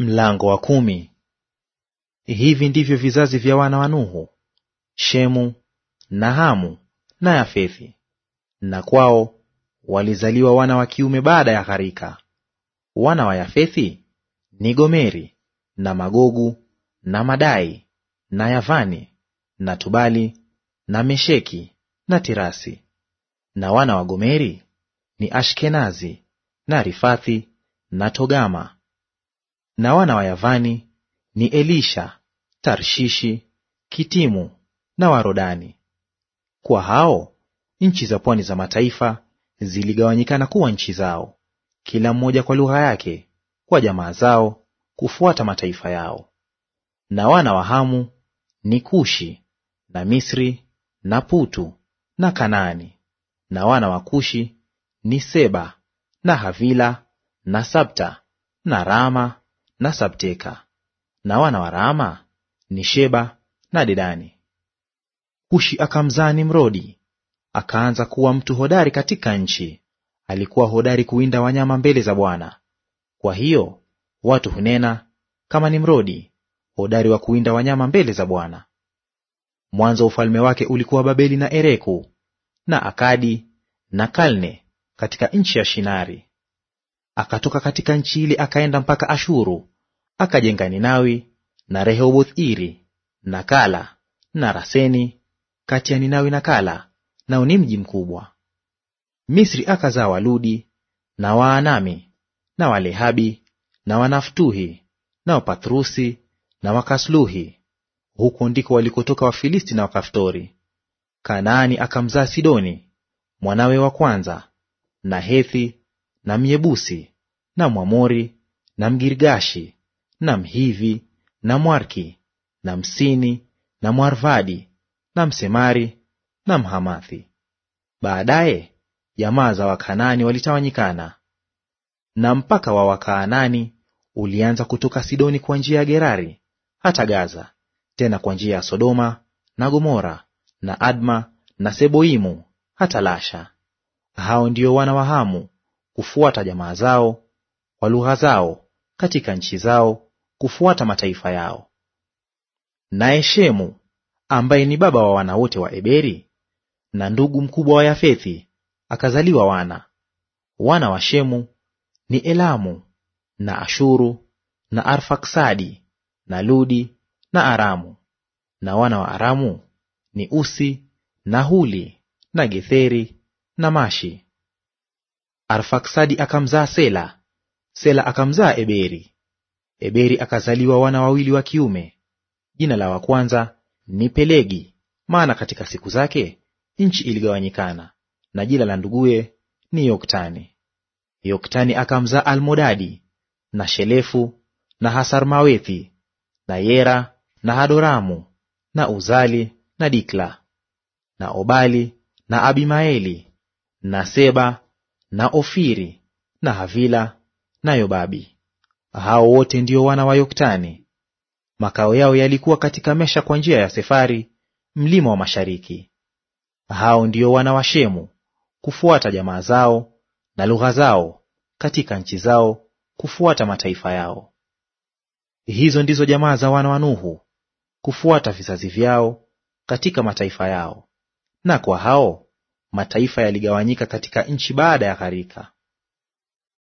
Mlango wa kumi. Hivi ndivyo vizazi vya wana wa Nuhu, Shemu na Hamu na Yafethi; na kwao walizaliwa wana wa kiume baada ya gharika. Wana wa Yafethi ni Gomeri na Magogu na Madai na Yavani na Tubali na Mesheki na Tirasi. Na wana wa Gomeri ni Ashkenazi na Rifathi na Togama na wana wa Yavani ni Elisha, Tarshishi, Kitimu na Warodani. Kwa hao nchi za pwani za mataifa ziligawanyikana kuwa nchi zao, kila mmoja kwa lugha yake, kwa jamaa zao, kufuata mataifa yao. Na wana wa Hamu ni Kushi na Misri na Putu na Kanaani. Na wana wa Kushi ni Seba na Havila na Sabta na Rama na Sabteka. Na wana wa Raama ni Sheba na Dedani. Kushi akamzaa Nimrodi, akaanza kuwa mtu hodari katika nchi. Alikuwa hodari kuwinda wanyama mbele za Bwana. Kwa hiyo watu hunena kama Nimrodi, hodari wa kuwinda wanyama mbele za Bwana. Mwanzo wa ufalme wake ulikuwa Babeli na Ereku na Akadi na Kalne katika nchi ya Shinari akatoka katika nchi ile akaenda mpaka Ashuru, akajenga Ninawi na Rehoboth-iri na Kala na Raseni, kati ya Ninawi na Kala, nao ni mji mkubwa. Misri akazaa Waludi na Waanami na Walehabi na Wanaftuhi na Wapatrusi na Wakasluhi. Huko ndiko walikotoka Wafilisti na Wakaftori. Kanaani akamzaa Sidoni mwanawe wa kwanza, na Hethi na Myebusi na Mwamori na Mgirgashi na Mhivi na Mwarki na Msini na Mwarvadi na Msemari na Mhamathi. Baadaye jamaa za Wakanaani walitawanyikana, na mpaka wa Wakanaani ulianza kutoka Sidoni kwa njia ya Gerari hata Gaza, tena kwa njia ya Sodoma na Gomora na Adma na Seboimu hata Lasha. Hao ndio wana wa Hamu kufuata jamaa zao kwa lugha zao katika nchi zao kufuata mataifa yao. Naye Shemu ambaye ni baba wa wana wote wa Eberi na ndugu mkubwa wa Yafethi akazaliwa wana. Wana wa Shemu ni Elamu na Ashuru na Arfaksadi na Ludi na Aramu. Na wana wa Aramu ni Usi na Huli na Getheri na Mashi. Arfaksadi akamzaa Sela Sela akamzaa Eberi. Eberi akazaliwa wana wawili wa kiume. Jina la wa kwanza ni Pelegi, maana katika siku zake nchi iligawanyikana, na jina la nduguye ni Yoktani. Yoktani akamzaa Almodadi na Shelefu na Hasarmawethi na Yera na Hadoramu na Uzali na Dikla na Obali na Abimaeli na Seba na Ofiri na Havila na Yobabi. Hao wote ndio wana wa Yoktani. Makao yao yalikuwa katika Mesha kwa njia ya Sefari, mlima wa mashariki. Hao ndio wana wa Shemu kufuata jamaa zao na lugha zao, katika nchi zao kufuata mataifa yao. Hizo ndizo jamaa za wana wa Nuhu kufuata vizazi vyao, katika mataifa yao. Na kwa hao mataifa yaligawanyika katika nchi baada ya gharika.